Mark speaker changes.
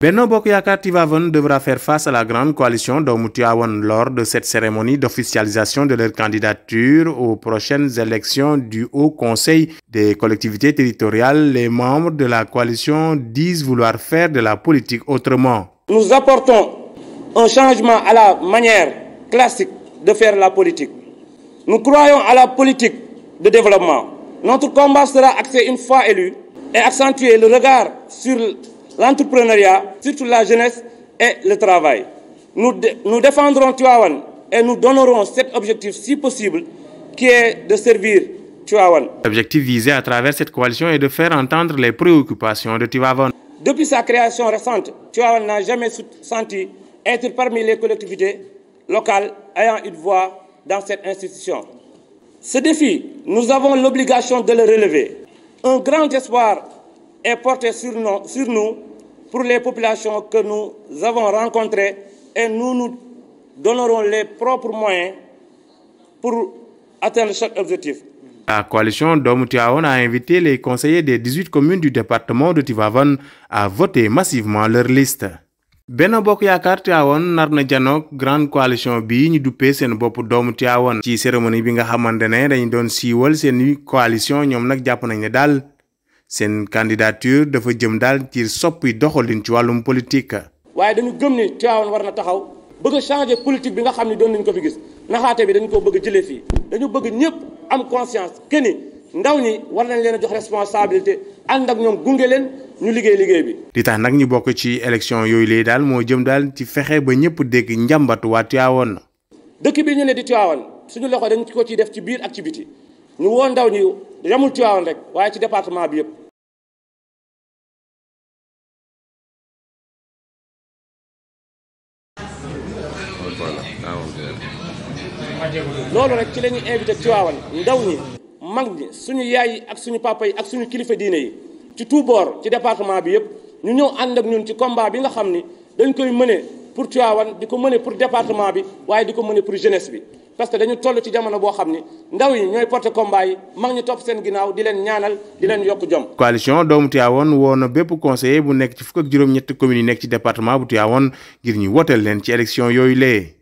Speaker 1: Benno Bokuyaka-Tivavon devra faire face à la grande coalition d'Omutuawan lors de cette cérémonie d'officialisation de leur candidature aux prochaines élections du Haut Conseil des collectivités territoriales. Les membres de la coalition disent vouloir faire de la politique autrement.
Speaker 2: Nous apportons un changement à la manière classique de faire la politique. Nous croyons à la politique de développement notre combat sera axé une fois élu et accentuer le regard sur l'entrepreneuriat, surtout la jeunesse et le travail. Nous, nous défendrons Tuawan et nous donnerons cet objectif si possible qui est de servir
Speaker 1: Tuawan. L'objectif visé à travers cette coalition est de faire entendre les préoccupations de Tuawan.
Speaker 2: Depuis sa création récente, Tuawan n'a jamais senti être parmi les collectivités locales ayant une voix dans cette institution. Ce défi, nous avons l'obligation de le relever. Un grand espoir est porté sur nous, pour les populations que nous avons rencontrées et nous nous donnerons les propres moyens pour atteindre chaque objectif.
Speaker 1: La coalition Domutiaon a invité les conseillers des 18 communes du département de Tivavon à voter massivement leur liste. benn Bokk Yaakaar Tivaouane nar na janoog grande coalition bii ñu duppee seen bopp doomu Tivaouane ci cérémonie bi nga xamante ne dañu doon siiwal seen coalition ñoom nag jàpp nañ ne daal seen candidature dafa jëm daal ci soppi doxalin ci wàllum politique.
Speaker 2: waaye dañu gëm ne Tivaouane war na taxaw bëgg a changer politique bi nga xam ne doon nañ ko fi gis naxaate bi dañu ko bëgg a jëlee fii dañu bëgg ñëpp am conscience que ni ndaw ñi war nañ leen a jox responsabilité ñu liggéey liggéey bi.
Speaker 1: di tax nag ñu bokk ci élection yooyu lay daal moo jëm daal ci fexe ba ñëpp dégg njàmbatu waa Tivaouane.
Speaker 2: dëkk bi ñu ne di Tivaouane suñu loxo dañ ko ci def ci biir ak ci biti ñu woo ndaw ñi yamul Tivaouane rek waaye ci département bi yëpp. loolu rek ci la ñuy invité ndaw ñi mag ñi suñu yaay yi ak suñu papa yi ak suñu kilifa diine yi. ci tout ci département bi yëpp ñu ñëw ànd ak ñun ci combat bi nga xam ni dañ koy mëne pour Tivaouane di ko mëne pour département bi waaye di ko mëne pour jeunesse bi parce que dañu toll ci jamono boo xam ni ndaw yi ñooy porté combat yi mag ñi topp seen ginnaaw di leen ñaanal di leen yokk jom
Speaker 1: coalition doomu Tivaouane woo na bépp conseiller bu nekk ci fukk ak juróom-ñetti communes yi nekk ci département bu Tivaouane ngir ñu wooteel leen ci élection yooyu lee